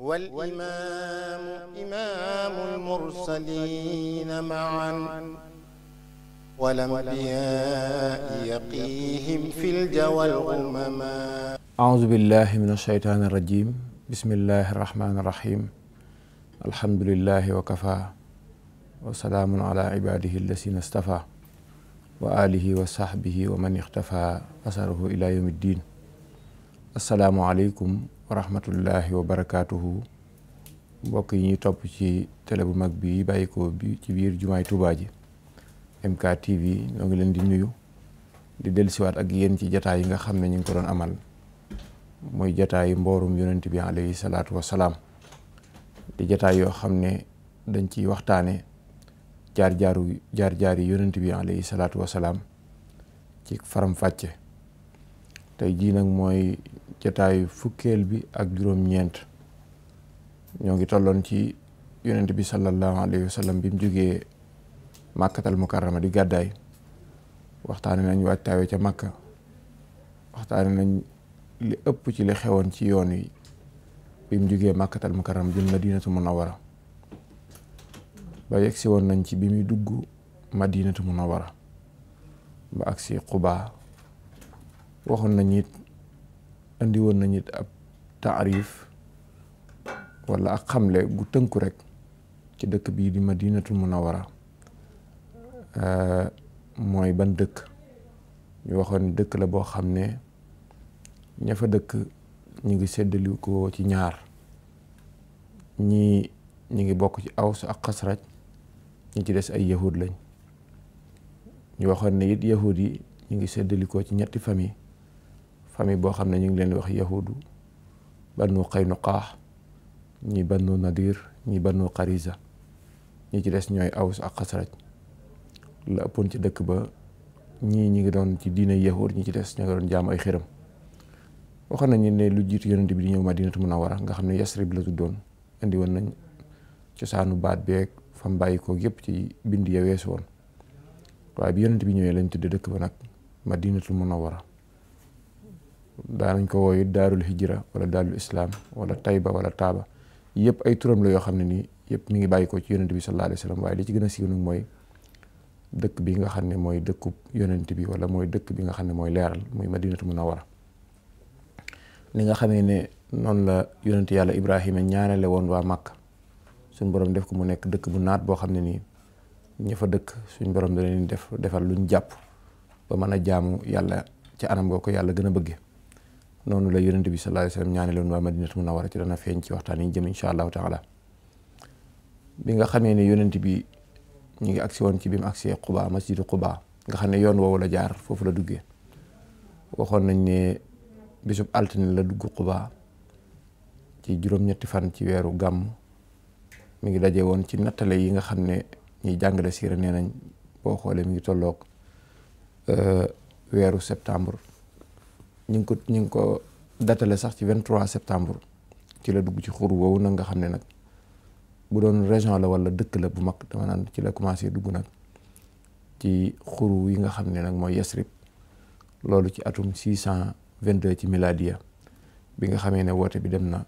والإمام إمام المرسلين معا والأنبياء يقيهم في الجوى الغمما أعوذ بالله من الشيطان الرجيم بسم الله الرحمن الرحيم الحمد لله وكفى وسلام على عباده الذين اصطفى وآله وصحبه ومن اختفى أثره إلى يوم الدين السلام عليكم wa rahmatullahi wa barakaatuhu mbokk yi ñuy topp ci télé bu mag bi bàyyikoo bi ci biir jumaay Tuubaa ji MK TV ñoo ngi leen di nuyu di dellusiwaat ak yéen ci jataay yi nga xam ne ñu ngi ko doon amal mooy jataay mboorum yonent bi alayhi salaatu wa salaam di jataay yoo xam ne dañ ciy waxtaane jaar jaaru jaar yi yonent bi alayhi salaatu wa salaam ci faram fàcce tey jii nag mooy jataayu fukkeel bi ak juróom-ñeent ñoo ngi tolloon ci yonent bi sallallahu alayhi wa sallam bi mu jógee màkkatal mukarrama di gàddaay waxtaane nañ waajtaawe ca màkka waxtaane nañ li ëpp ci li xewoon ci yoon yi bi mu jógee màkkatal mukarrama jëm madinatu munawara ba yegsi woon nañ ci bi muy dugg madinatu munawara ba agsi xubaa waxoon nañ it andi woon nañu ab taarif wala ak xamle gu tënku rek ci dëkk bii di a munawara euh, mooy ban dëkk ñu waxoon dëkk la boo xam ne ña fa dëkk ñu ngi séddali ci ñaar ñii ñu ngi bokk ci aws ak xasraj ñi ci des ay yahud lañ ñu waxoon ne it yahud yi ñu ngi séddali ci ñetti famille famille boo xam ne ñu ngi leen wax yahudu bannu Qaynuqaa ñi bannu Nadir ñi bannu Xarisa ñi ci des ñooy Aws ak Xasraj la ëppoon ci dëkk ba ñii ñu ngi doon ci diina yahud ñi ci des ñoo ngi doon jaam ay xiram waxoon nañu ne lu jiitu yonent bi di ñëw a Munawwara nga xam ne Yasrib la tuddoon indi woon nañ cosaanu baat beeg fam bàyyi koog yëpp ci bind ya weesu woon waaye bi yonent bi ñëwee lañ tudde dëkk ba nag ma Madinatul a daanañ ko wooyu daarul hijra wala daarul islaam wala tayba wala taaba yëpp ay turam la yoo xam ne nii yëpp mu ngi bàyyi ko ci yonent bi sallallahu alayhi wa waaye li ci gën a siiw nag mooy dëkk bi nga xam ne mooy dëkkub yonent bi wala mooy dëkk bi nga xam ne mooy leeral muy madinatu munawara li nga xamee ne noonu la yonent yàlla ibrahima ñaanale woon waa màkk suñ borom def ko mu nekk dëkk bu naat boo xam ne nii ña fa dëkk suñ borom da leen def defal luñ jàpp ba mën a jaamu yàlla ci anam goo ko yàlla gën a bëgge noonu la yonent bi sallallahu alayhi wa sallam ñaanale woon waa madinatul a ci dana feeñ ci waxtaan yi jëm incha allahu taala bi nga xamee ni yonent bi ñu ngi agsi woon ci bi mu agsee Quba masjidu Quba nga xam ne yoon woowu la jaar foofu la duggee waxoon nañ ne bisub altine la dugg Quba ci juróom-ñetti fan ci weeru gàmm mu ngi daje woon ci nattale yi nga xam ne ñiy jàngale siira nee nañ boo xoolee mi ngi tolloog euh, weeru septembre ñu ngi ko ñu ngi ko datale sax ci 23 septembre ci la dugg ci xur woowu nag nga xam ne nag bu doon région la wala dëkk la bu mag dama naan ci la commencé dugg nag ci xuru yi nga xam ne nag mooy loolu ci atum 622 ci miladiya bi nga xamee ne woote bi dem na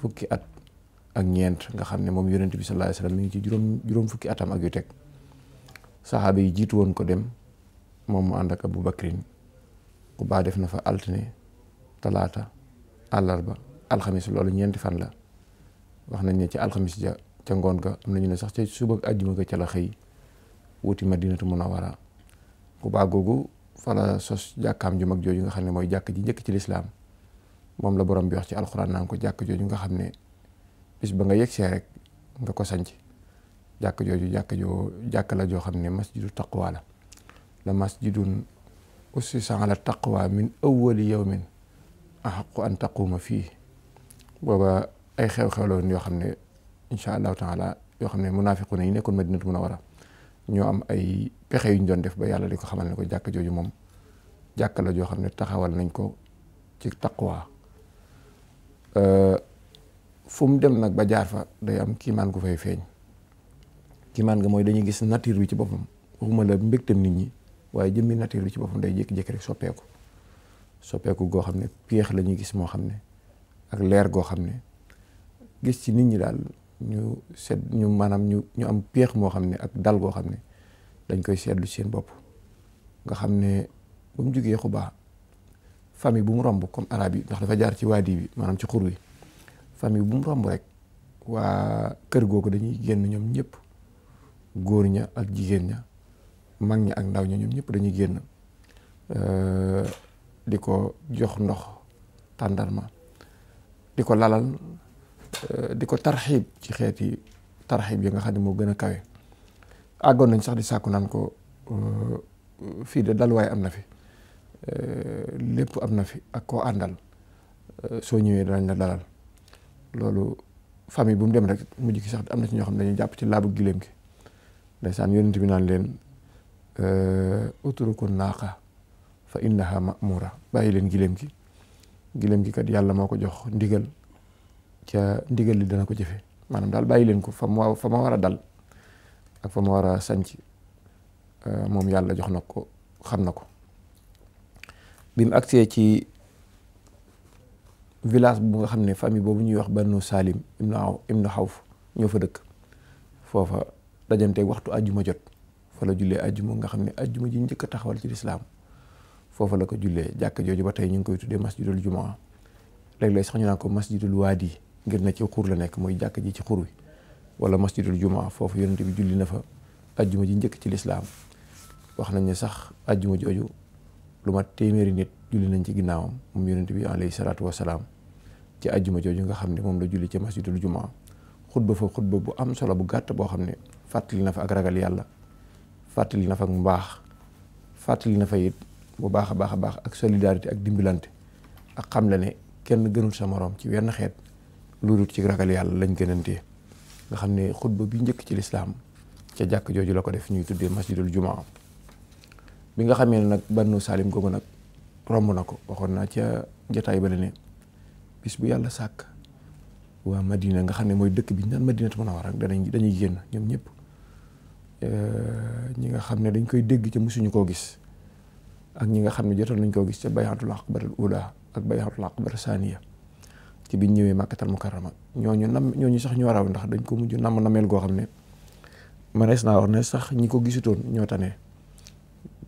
fukki at ak ñeent nga xam ne moom yonent bi sallallahu alayhi wasallam mi ngi ci juróom juróom fukki atam ak yu teg saxaaba yi jiitu woon ko dem moom mu ànd ak Abu Bakrin Quba def na fa altine talaata àllarba alxamis loolu ñeenti fan la wax nañ ne ci alxamis ja ca ngoon ga am nañu ne sax ca suba ak àjjuma ga ca la xëy wuti ma madinatu munawara Quba googu fa la sos jàkkaam ju mag jooju nga xam ne mooy jàkk ji njëkk ci lislaam moom la borom bi wax ci alxuraan naan ko jàkk jooju nga xam ne bis ba nga yegsee rek nga ko sanc jàkk jooju jàkk joo jàkk la joo xam ne masjidu taqwa la la masjidun ussisa ala taqwa min awwali a axaqu an taquma fii booba ay xew-xew la woon yoo xam ne incha allahu taala yoo xam ne munaafiqu ne yi nekkoon na wara ñoo am ay pexe yu ñu doon def ba yàlla di ko xamal ne ko jàkk jooju moom jàkk la joo xam ne taxawal nañ ko ci taqwa fu mu dem nag ba jaar fa day am kiimaan gu fay feeñ kiimaan ga mooy dañuy gis nature bi ci boppam waxuma la mbégtam nit ñi waaye jëmmi nature bi ci boppam day jékki jëkk rek soppeeku soppeeku goo xam ne pièx la ñuy gis moo xam ne ak leer goo xam ne gis ci nit ñi daal ñu seet ñu maanaam ñu ñu am pièx moo xam ne ak dal goo xam ne dañ koy seetlu seen bopp nga xam ne bu mu jógee xubaa famille bu mu romb comme arab yi ndax dafa jaar ci waadi bi maanaam ci xur wi famille bu mu romb rek waa kër googu dañuy génn ñoom ñëpp góor ña ak jigéen ña mag ñi ak ndaw ñi ñoom ñëpp dañuy génn euh, di ko jox ndox tàndarma di ko lalal euh, di ko tarxiib ci xeeti tarxiib yi nga xam ne moo gën a kawe àggoon nañ sax di sàkku naan ko euh, fii de dalwaay am na fi lépp am na fi ak koo àndal soo ñëwee danañ la lalal loolu famille bu mu dem rek mujj ki sax am na si ñoo xam dañuy jàpp ci laabu gileem gi ndaysaan yonent bi naan leen Eh, utruku naaqa fa innaha ma'mura bàyyi leen gileem gi gileem gi kat yàlla moo ko jox ndigal ca ndigal li dana ko jëfe maanaam daal bàyyi leen ko fa ma fa ma war a dal ak fa ma war a sanc eh, moom yàlla jox na ko xam na ko bi mu ci village bu nga xam ne famille boobu ñuy wax Banu Salim ibnu Aw ibnu Xawf ñoo fa dëkk foofa dajanteeg waxtu àjjuma jot fa la jullee ajjuma nga xam ne ajjuma ji njëkk a taxawal ci lislaam foofa la ko jullee jàkk jooju ba tey ñu ngi koy tuddee masjidul jumaa léeg-léeg sax ñu naan ko masjidul waadi ngir na ci xur la nekk mooy jàkk ji ci xur wi wala masjidul jumaa foofu yonent bi julli na fa ajjuma ji njëkk ci lislaam wax nañ ne sax ajjuma jooju lu mat téeméeri nit julli nañ ci ginnaawam moom yonent bi alayhi salaatu wasalaam ci ajjuma jooju nga xam ne moom la julli ci masjidul jumaa xutba fa xutba bu am solo bu gàtt boo xam ne fàttali na fa ak ragal yàlla fàttali na fa mu baax fàttali na fa it bu baax a baax a baax ak solidarité ak dimbilante ak xam la ne kenn gënul sa moroom ci wenn xeet lu dul ci ragal yàlla lañ gënantee nga xam ne xutba bi njëkk ci lislaam ca jàkk jooju la ko def ñuy tuddee masjidul jumaa bi nga xamee ne nag bannu saalim googu nag romb na ko waxoon naa ca jataay ba ne bis bu yàlla sàkk waa Madina nga xam ne mooy dëkk bi ñu naan Madinatu Munawwara danañ dañuy génn ñoom ñëpp Euh, ñi nga xam ne dañ koy dégg ci mosuñu koo gis ak ñi nga xam ne jotoon nañ koo gis ca bayaatul aqbatal ula ak bayaatul aqbatal saaniya ci biñ ñëwee màkkatal mukarrama ñooñu nam ñu sax ñoo raw ndax dañ ko mujj nam nameel goo xam ne manees naa wax ne sax ñi ko gisutoon ñoo tane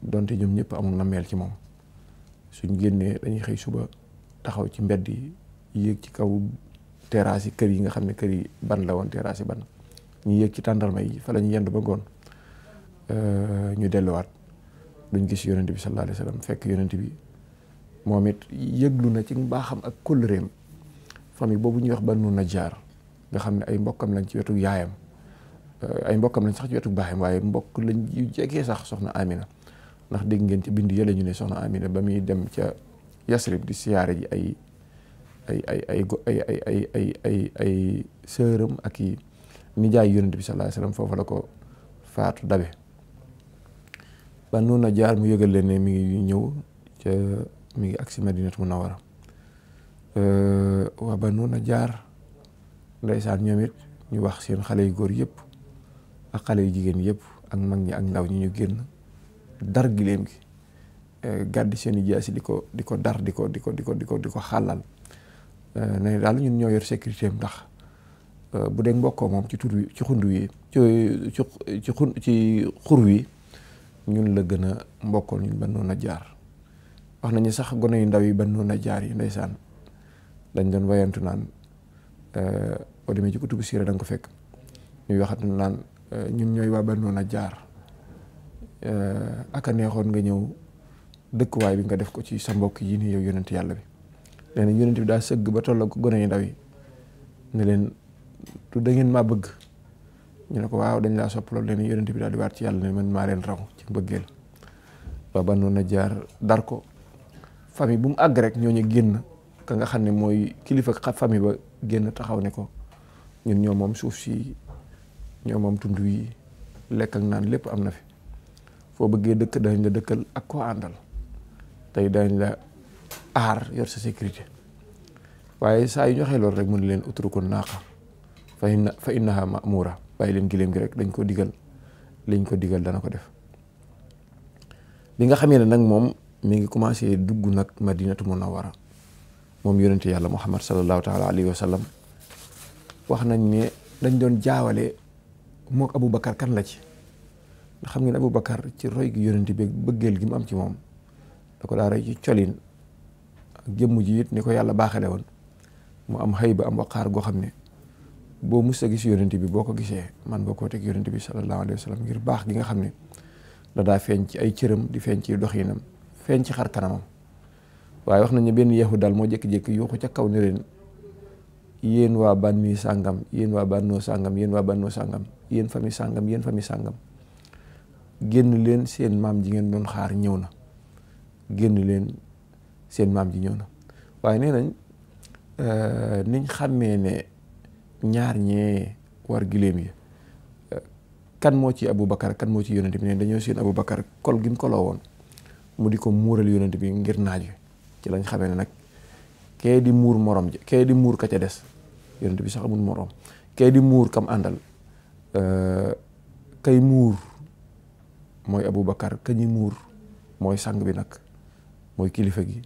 donte ñoom ñëpp amul nameel ci moom suñ génnee dañuy xëy suba taxaw ci mbedd yi yéeg ci kaw terrasse yi kër yi nga xam ne kër yi ban la woon terrasse yi ban ñu yéeg ci tàndal yi fa la ñu yendu ba Euh, ñu delluwaat duñ gis yonent bi sallallahu alayhi fekk yonent bi moom it yëglu na ci mbaaxam ak kóllëreem famille boobu ñuy wax na Najjaar nga xam ne ay mbokkam lañ ci wetu yaayam euh, ay mbokkam lañ sax ci wetu baayam waaye mbokk lañ yu jegee sax soxna Amina ndax dégg ngeen ci bind yële ñu ne soxna Amina ba muy dem ca Yasrib di siyaare ji ay ay ay ay ay ay ay ay ay ak i nijaay yonent bi sallallahu alayhi foofu la ko faatu dabe ban noonu na jaar mu yëgal leen ne mi ngi ñëw ca mi ngi agsi Madinatu Munawwara waa ba noonu jaar ndeysaan ñoom it ñu wax seen xale yu góor yëpp ak xale yu jigéen yëpp ak mag ñi ak ndaw ñi ñu génn dar gileem gi gàddi seen i jaasi di ko di ko dar di ko di ko di ko di ko di ko xàllal ne daal ñun ñoo yor sécurité am ndax bu dee mbokkoo moom ci tur wi ci xund wi ci ci ci xur wi ñun la gën a mbokkool ñun Bannoona Jaar wax nañu sax gone yu ndaw yi Bannoona Jaar yi ndeysaan dañ doon wayantu naan euh, boo demee ci kutubu siira da ko fekk ñuy waxat naan euh, ñun ñooy waa Bannoona Jaar euh, aka neexoon nga ñëw dëkkuwaay bi nga def ko ci sa mbokk yi nii yow yonent yàlla bi nee na yonent bi daa sëgg ba tolloo ko gone yu ndaw yi ne leen du maa bëgg ñu ne ko waaw dañ laa sopp loolu leen yonent bi daal di waat ci yàlla ne man maa leen raw ci mbëggeel ba ba jaar dar ko famille bu mu àgg rek génn ka nga xam ne mooy kilifa famille ba génn taxaw ne ko ñun ñoo moom suuf si ñoo moom tund yi lekk ak lépp am na fi foo bëggee dëkk dañ la dëkkal ak koo àndal tey dañ la aar yor sécurité waaye saa yu ñu waxee loolu rek mu ne leen utruku naaqa fa innaha ma'mura bàyyi leen giléem gi rek dañ ko digal liñ ko digal dana ko def bi nga xamee ne nag moom mi ngi commencé dugg nag madinatu wara moom yonente yàlla muhammad salallahu taala alayhi wa sallam wax nañ ne dañ doon jaawale mook abou bakar kan la ci ndax xam ngeen abou bakar ci roy gi yonente bi bëggeel gi mu am ci moom da ko daa roy ci colin ak jëmm ji it ni ko yàlla baaxale woon mu am xëy ba am waqaar goo xam ne boo mus a gis yonent bi boo ko gisee man nga koo teg yonent bi sallallahu alayhi wa sallam ngir baax gi nga xam ne da daa feeñ ci ay cëram di feeñ ci dox doxinam feeñ ci xar kanamam waaye wax nañ nañu benn yeexu daal moo jékki-jékki yuuxu ca kaw ne leen waa ban mi sàngam yéen waa bannoo sàngam yéen waa bannoo sàngam yéen fami sàngam yéen fami sàngam génn leen seen maam ji ngeen doon xaar ñëw na génn leen seen maam ji ñëw na waaye nee nañ euh, niñ xàmmee ne ñaar ñee war giléem yi kan moo ci abu Aboubacar kan moo ci yonent bi ne dañoo seen Aboubacar kol gi mu koloo woon mu di ko muural yonent bi ngir naaj wi ci lañ xamee ne nag kee di muur morom ja kee di muur ka ca des yonent bi sax amul morom kee di muur kam àndal euh, kay muur mooy abu ka ñi muur mooy sang bi nag mooy kilifa gi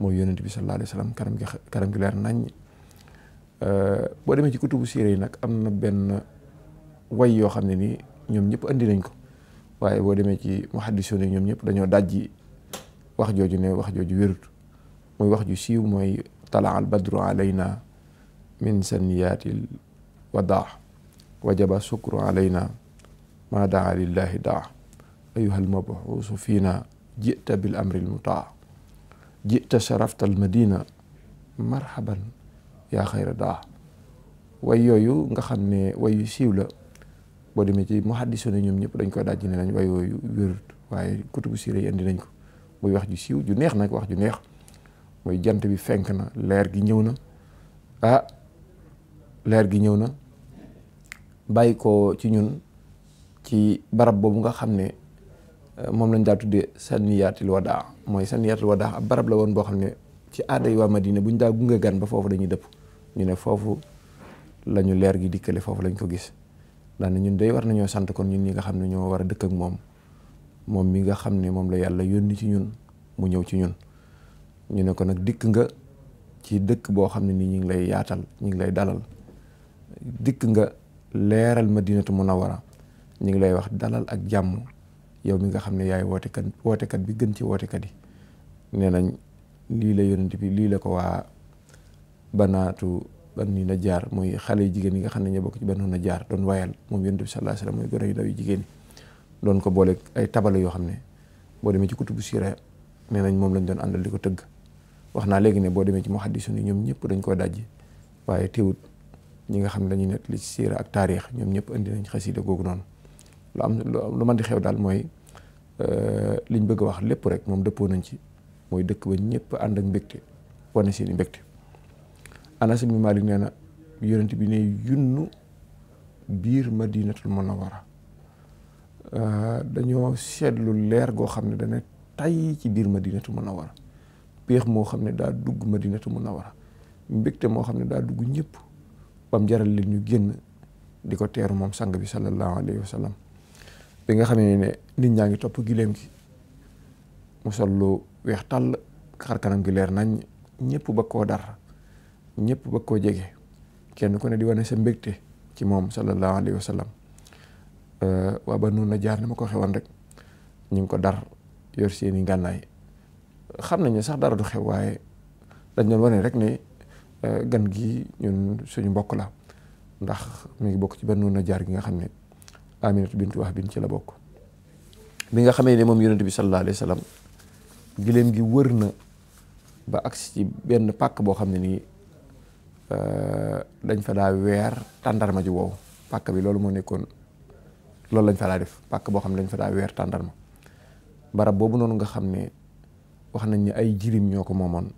mooy yonent bi sallallahu alayhi wa sallam kanam gi kanam gi leer Euh, boo demee ci kutubu siire yi nag am na benn way yoo xam ne ni ñoom ñëpp andi nañ ko waaye boo demee ci muhaddisoon yi ñoom ñëpp dañoo dajji wax jooju ne wax jooju wérut mooy wax ju siiw mooy talaa al badru alayna min saniyaatil wadaa wajaba sukru alayna ma daa lillahi daa ayuha almabuusu fiina jita bil amri almutaa jita sharafta almadina marhaban yaa xayra daa way yooyu nga xam ne way yu siiw la boo demee ci muhaddisu ne ñoom ñëpp dañ koy dajji ne nañ way yooyu wérut waaye kutubu siira yi indi nañ ko muy wax ju siiw ju neex nag wax ju neex mooy jant bi fenk na leer gi ñëw na ah leer gi ñëw na bàyyi ko ci ñun ci barab boobu nga xam ne eh, moom lañ daa tuddee saniyaatil wadaa mooy saniyaatil wadaa ab barab la woon boo xam ne ci aada yi waa Madina bu ñu daa gunge gan ba foofu dañuy dëpp ñu ne foofu lañu leer gi dikkale foofu lañ ko gis daan ñun day war nañoo sant kon ñun ñi nga xam ne ñoo war a dëkk ak moom moom mi nga xam ne moom la yàlla yónni ci ñun mu ñëw ci ñun ñu ne kon nag dikk nga ci dëkk boo xam ne nii ñu ngi lay yaatal ñu ngi lay dalal dikk nga leeral ma madinatu munawara ñu ngi lay wax dalal ak jàmm yow mi nga xam ne yaay wootekat wootekat bi gën ci wootekat yi nee nañ lii la yónent bi lii la ko waa banaatu banu Najjaar mooy xale yu jigéen yi nga xam ne ñoo bokk ci banu Najjaar doon wayal moom yonent bi sallallahu alayhi wasallam mooy gone yu ndaw yu jigéen yi doon ko boole ay tabala yoo xam ne boo demee ci kutubu siira nee nañ moom lañ doon àndal di ko tëgg wax naa léegi ne boo demee ci muhaddisu ni ñoom ñëpp dañ koo dajji waaye teewut ñi nga xam ne dañuy nettali ci siira ak taarix ñoom ñëpp indi nañ xasida googu noonu lu am lu man di xew daal mooy euh, liñ bëgg wax lépp rek moom dëppoo nañ ci mooy dëkk ba ñëpp ànd ak mbégte wane seen i mbégte Anas ibn Malik nee na yonent bi ne yunn biir ma diinatul mën madinatul munawara euh, dañoo seetlu leer goo xam ne dana tay ci biir mën a munawara péex moo xam ne daa dugg a munawara mbégte moo xam ne daa dugg ñépp bam jaral leen ñu génn di ko teeru moom sang bi sallallahu alayhi wa bi nga xamee ne nit ñaa ngi topp gileem gi mu sol lu weex tàll xar kanam gi leer nañ ñëpp ba koo dar ñépp bëgg koo jege kenn ku ne di wane sa mbégte ci moom sallallahu alayhi wa sallam euh, waa ba noonu la jaar ni ma ko xewoon rek ñu ngi ko dar yor seeni gànnaay xam nañ ne sax dara du xew waaye dañ doon wane rek ne euh, gan gi ñun suñu mbokk la ndax mu ngi bokk ci Banu jaar gi nga xam ne Aminatu bintu wax bin ci la bokk bi nga xamee ne moom yonent bi sallallahu alayhi wa sallam gi wër na ba agsi ci benn pàkk boo xam ne nii Euh, dañ fa daa weer tàndarma ji wow pàkk bi loolu moo nekkoon loolu lañ fa daa def pàkk boo xam ne dañ fa daa weer tàndarma barab boobu noonu nga xam ne wax nañ ni ay jirim ñoo ko moomoon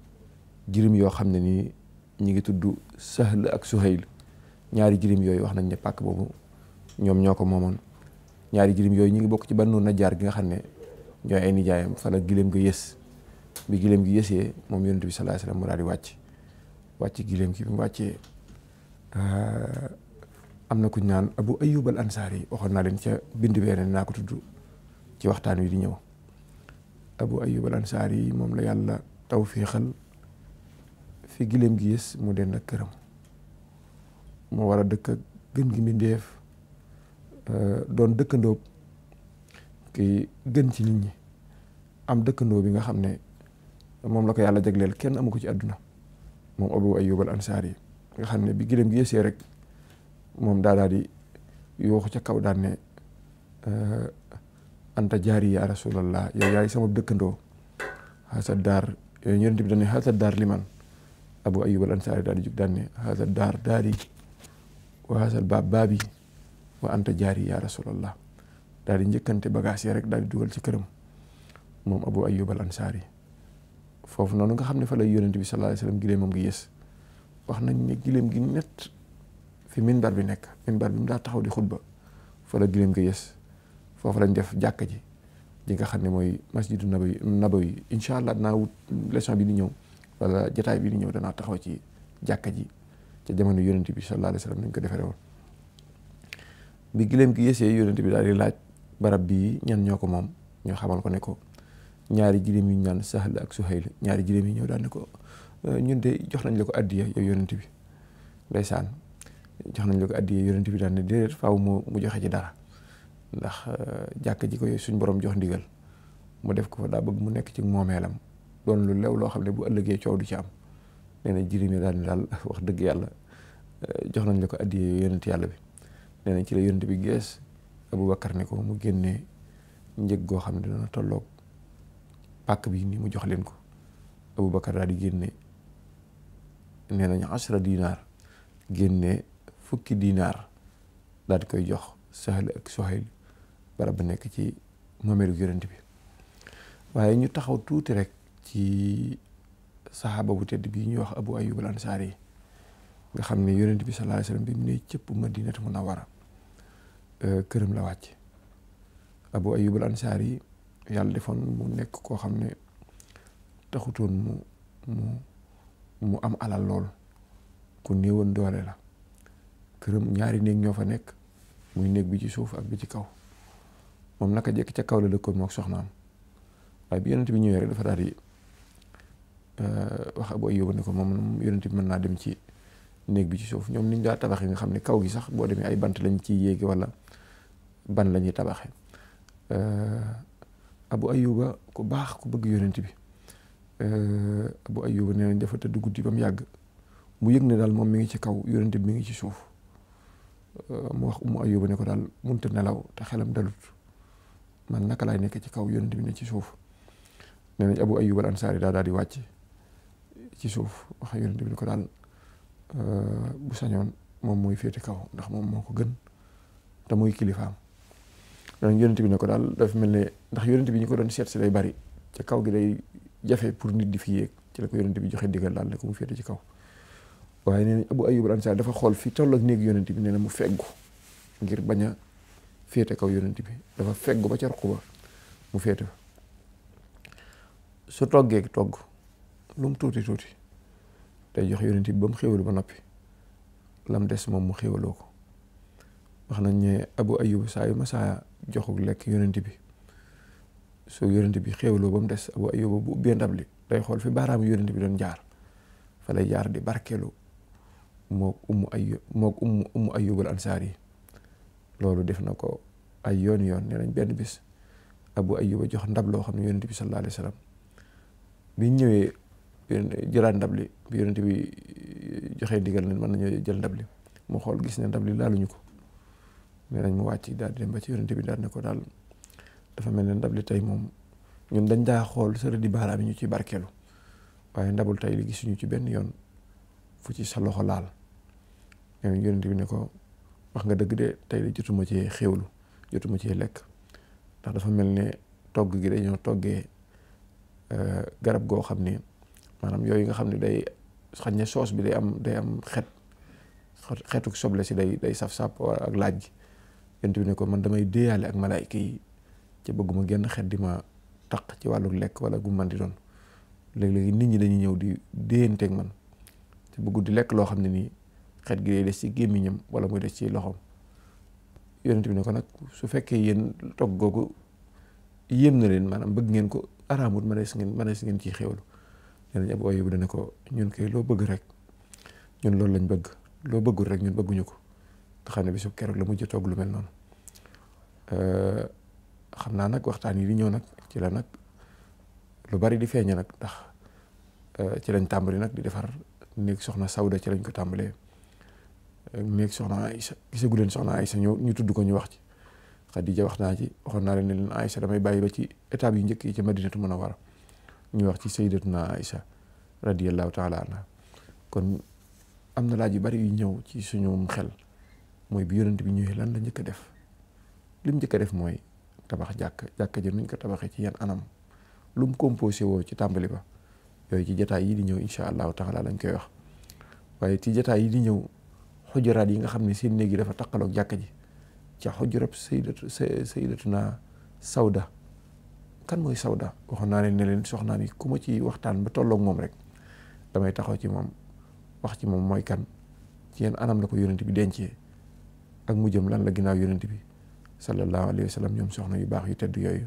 jirim yoo xam ne nii ñi ngi tudd Sahl ak Suhayl ñaari jirim yooyu wax nañ ne pàkk boobu ñoom ñoo ko moomoon ñaari jirim yooyu ñi ngi bokk ci Banu jaar gi nga xam ne ñooy ay nijaayam fa la gileem ga yës bi gileem gi yësee moom yonent bi sallallahu alayhi wasallam mu daal di wàcc wàcc giléem gi bi mu wàccee ah, am na ku ñu naan abu ayub al ansaar yi waxoon naa leen ca bind beneen naa ko tudd ci waxtaan wi di ñëw abu ayub al ansaar yi moom la yàlla tawfiixal fi giléem gi yës mu dend ak këram mu war a dëkk ak gën gi mbindeef ah, doon dëkkandoo ki gën ci nit ñi am dëkkandoo bi nga xam ne moom la ko yàlla jagleel kenn amu ci àdduna moom abu ayub al ansaar xam ne bi gëlëm gi rek moom daa daa di yooxu ca kaw daan ne anta jaari ya rasulallah yow yaay sama dëkkandoo xasa daar yonent bi daan ne xasa daar liman abu ayub al ansaari daal di jug daar daari wa xasal baab baabi wa anta jaari ya rasulallah daal di njëkkante bagaas yi rek daal di dugal ci këram moom abu ayub al foofu noonu nga xam ne fa lay yonent bi sallallahu alayhi wa sallam gileemam gi yées wax nañ ni gileem gi net fi minbar bi nekk minbar bi mu daa taxaw di xutba fa la gileem gi yées foofu lañ def jàkka ji ji nga xam ne mooy masjidu nabawi nabawi incha allah dinaa wut leçon bi di ñëw wala jotaay bi di ñëw danaa taxaw ci jàkka ji ca jamono yonent bi sallallahu alayhi wa sallam nañ ko defaree woon bi gi yéesee yonent bi daal di laaj barab bii ñan ñoo ko moom ñoo xamal ko ne ko. ñaari jirim yu ñaan Sahl ak Suhayl ñaari jirim yi ñëw daal ne ko euh, ñun de jox nañ la ko addiya yow yonent bi ndeysaan jox nañ la ko addiya yonent bi daal ne déedéet faaw mu mu joxe ci dara ndax euh, jàkk ji ko yooyu suñ borom jox ndigal mu def ko fa daa bëgg mu nekk ci moomeelam doon lu lew loo xam ne bu ëllëgee coow du ci am nee na jirim yi daal ne daal wax dëgg yàlla euh, jox nañ la ko addiya yow yonent yàlla bi nee nañ ci la yonent bi gees Abubakar ne ko mu génne njëg goo xam ne dana tolloog pàkk bi ni mu jox leen ko bakar daal di génne nee nañu ashra dinaar génne fukki dinaar daal di koy jox Sahal ak bu nekk ci moomeelu yonent bi waaye ñu taxaw tuuti rek ci saxaaba bu tedd bii ñuy wax Abu Ayyub al Ansaari yi nga xam ne yonent bi sallallahu alayhi wasallam bi mu ne cëpp Madinatu Munawwara eh, këram la wàcc Abu Ayyub al yi yàlla defoon mu nekk koo xam ne taxutoon mu mu mu am alal lool ku néewoon doole la këram ñaari néeg ñoo fa nekk muy néeg bi ci suuf ak bi ci kaw moom naka jekk ca kaw la dëkkoon mook soxnaam waaye bi yonent bi ñëwee dafa daal di euh, wax ab ne ko moom yonent bi mën naa dem ci néeg bi ci suuf ñoom niñ daa tabaxee nga xam ne kaw gi sax boo demee ay bant lañu ciy yéegi walla ban lañuy ñuy tabaxee euh, abu ayuba ku baax ku bëgg yonent bi abu ayuba nee nañ dafa tëdd guddi ba mu yàgg mu yëg ne daal moom mi ngi ci kaw yonent bi mi ngi ci suuf mu wax umu ayuba ne ko daal munta nelaw te xelam dalut man naka laay nekk ci kaw yonent bi ne ci suuf nee nañ abu ayuba al ansaari daal daal di wàcc ci suuf wax yonent bi ne ko daal bu sañoon moom mooy féete kaw ndax moom moo ko gën te mooy kilifaam ñooñu yonent bi ne ko daal dafa mel ne ndax yonent bi ñu ko doon seet si day bari ca kaw gi day jafe pour nit di fi yéeg ci la ko yonent bi joxe diggal daal ne ko mu féete ci kaw waaye nee nañ Abu Ayyub al-Ansaari dafa xool fi toll néeg yonent bi nee na mu feggu ngir bañ a féete kaw yonent bi dafa feggu ba ca mu féete su toggee togg lu tuuti tuuti day jox yonent bi ba mu xéwalu ba noppi lam des moom mu xéwaloo ko wax nañ ne Abu Ayyub saa yu ma saa joxug lekk yonent bi su yonent bi xéewloo ba mu des abu ayuba bu ubbee ndab li day xool fi baaraamu yonent bi doon jaar fa lay jaar di barkeelu moog ummu ayu moog ummu ummu ayubal ansaar yi loolu def na ko ay yoon yoon nee nañ benn bis abu ayuba jox ndab loo xam ne yonent bi sallallahu alayhi wa sallam bi ñëwee jëlaat ndab li bi yonent bi eh, joxee ndigal ne mën nañoo jël ndab li mu xool gis ne ndab li laaluñu ko nee nañ mu wàcc daal di dem ba ci yonente bi daal ne ko daal dafa mel ne ndab li tey moom ñoom dañ daa xool sëra di baaraam yi ñu ci barkeelu waaye ndabul tey li suñu ci benn yoon fu ci sa loxo laal nee bi ne ko wax nga dëgg de tey li jotuma ci xéwlu jotuma ci lekk ndax dafa mel ne togg gi dañoo toggee euh, garab goo xam ne maanaam yooyu nga xam ne day xañ ne soos bi day am day am xet xetuk soble si day day saf-sàpp ak laaj gi yonent bi ne ko man damay déeyaale ak malaayika yi ca bëgguma genn xet di ma taq ci wàllu lekk wala gu man di doon léeg-léegi nit ñi dañuy ñëw di déyanteeg man te bëggu di lekk loo xam ne nii xet gi day gémmiñam wala muy des ci loxoom yonent bi ne ko nag su fekkee yéen togg googu yéem na leen maanaam bëgg ngeen ko araamut mënees ngeen mënees ngeen ciy xéwlu nee nañ ab ooy bu dana ko ñun kay loo bëgg rek ñun loolu lañ bëgg loo bëggul rek ñun bëgguñu ko te xam ne bisu keroog la mujj toog lu mel noonu euh, xam naa nag waxtaan yi di ñëw nag ci la nag lu bari di feeñe nag ndax euh, ci lañ tàmbali nag di defar néeg soxna Sawda ci lañ ko tàmbalee euh, néeg soxna Aïssa gisagu leen soxna Aïssa ñëw ñu tudd ko ñu wax ci Xadija wax naa ci waxoon naa leen ne leen damay bàyyi ba ci étape yu njëkk yi ci Madinatu Munawwara ñu wax ci sayyidatuna Aïssa radiyallahu taala anha kon am na laaj yu bari yu ñëw ci suñu xel mooy bi yonent bi ñëwee lan la njëkk a def lim njëkk a def mooy tabax jàkk jàkk ja nuñ ko tabaxee ci yan anam lu mu composé woo ci tàmbali ba yooyu ci jataay yi di ñëw incha allahu taala lañ koy wax waaye ci jataay yi di ñëw xujuraat yi nga xam ne seen néegi dafa taqaloog jàkk ji ca xujurab saydatu saydatuna sawda kan mooy sawda waxoon naa leen ne leen soxnaa ni ku ma ci waxtaan ba tolloog moom rek damay taxaw ci moom wax ci moom mooy kan ci yan anam la ko yonent bi dencee ak mu jëm lan la ginnaaw yonent bi sallallahu alayhi ñoom soxna yu baax yu tedd yooyu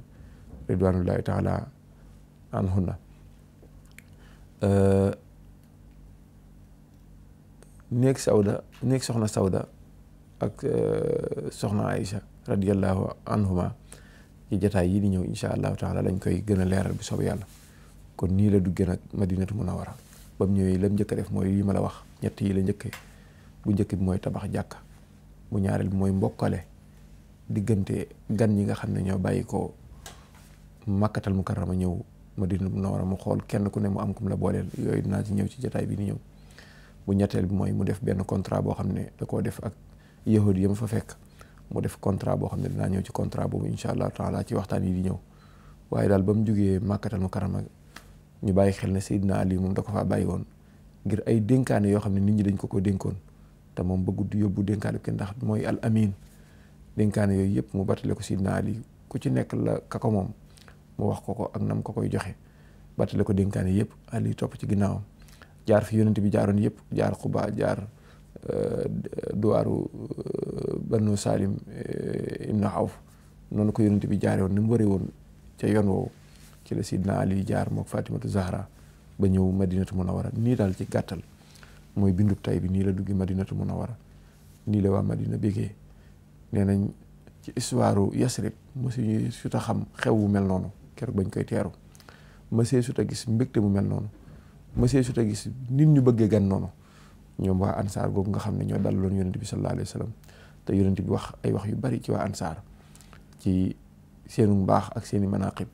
ridwanullahi taala anhunna euh, néeg sawda néeg soxna sawda ak euh, soxna aïcha radiallahu anhuma ci jataay yii di ñëw insha allahu taala lañ koy gën a leeral bi soob yàlla kon nii la duggee nag madinatu munawara ba mu ñëwee lam njëkk a def mooy yi ma la wax ñett yi la njëkkee bu njëkk bi mooy tabax jàkka bu ñaareel bi mooy mbokkale diggante gan ñi nga xam ne ñoo bàyyi ko makkatal mu karama ñëw madina munawara mu xool kenn ku ne mu am kum la booleel yooyu dinaa ci ñëw ci jataay bi ni ñëw bu ñetteel bi mooy mu def benn contrat boo xam ne da koo def ak yahudi mu fa fekk mu def contrat boo xam ne dinaa ñëw ci contrat boobu incha allah taala ci waxtaan yi di ñëw waaye daal ba mu jugee makkatal mu karama ñu bàyyi xel ne Seydina Ali moom da ko faa bàyyi woon ngir ay yoo xam ne nit ñi dañ ko ko dénkoon te moom bëggut di yóbbu dénkaane kenn ndax mooy al amin denkaane yooyu yëpp mu battale ko sidna Ali ku ci nekk la ka moom mu wax ko ko ak nam ko koy joxe battale ko denkaane yëpp Ali topp ci ginnaawam jaar fi yonent bi jaaroon yëpp jaar Quba jaar euh, duwaaru euh, Banu Salim euh, na xaw noonu ko yonent bi jaare woon ni mu waree woon ca yoon woowu ci la sidna Ali jaar mook Fatimatu Zahra ba ñëw Madinatu Munawara nii daal ci gàttal mooy bindub tay bi nii la duggi madinatu munawara nii la waa madina bégee nee nañ ci histoire Yasrib mësuñu suta xam xew wu mel noonu keroog bañ koy teeru mësee suta gis mbégte mu mel noonu mësee suta gis nit ñu bëggee gan noonu ñoom waa ansaar googu nga xam ne ñoo dalaloon yonent bi sallallahu alayhi wa sallam te yonent bi wax ay wax yu bari ci waa ansaar ci seenu baax ak seeni manaqib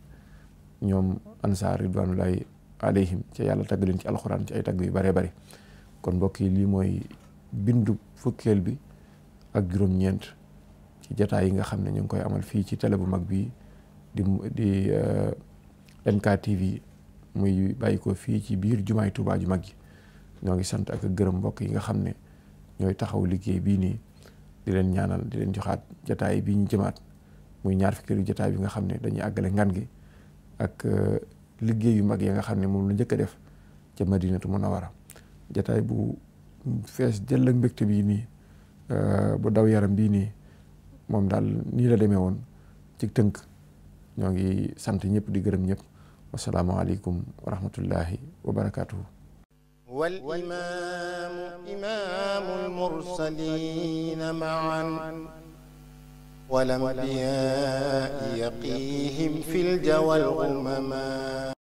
ñoom ansaar ridwanullahi alayhim ci yàlla tagg leen ci alxuraan ci ay tagg yu baree bari kon mbokk yi lii mooy bindu fukkeel bi ak juróom-ñeent ci jataay yi nga xam ne ñu ngi koy amal fii ci tele bu mag bi di di euh, MKTV muy bàyyi ko fii ci biir jumaay Tuubaa ju mag yi ñoo ngi sant ak gërëm mbokk yi nga xam ne ñooy taxaw liggéey bii nii di leen ñaanal di leen joxaat jataay bii ñu jëmaat muy ñaar fukkeelu jataay bi nga xam ne dañuy àggale ngan gi ak euh, liggéey yu mag yi nga xam ne moom la njëkk a def ca Madinatu Munawara jataay bu fees dell ak mbégte bii nii euh, bu daw yaram bii nii moom daal nii la demee woon ci tënk ñoo ngi sant ñëpp di gërëm ñëpp wasalaamualeykum wa rahmatullahi wa barakaatuhu والإمام إمام المرسلين معا والأنبياء يقيهم في الجوى الأمما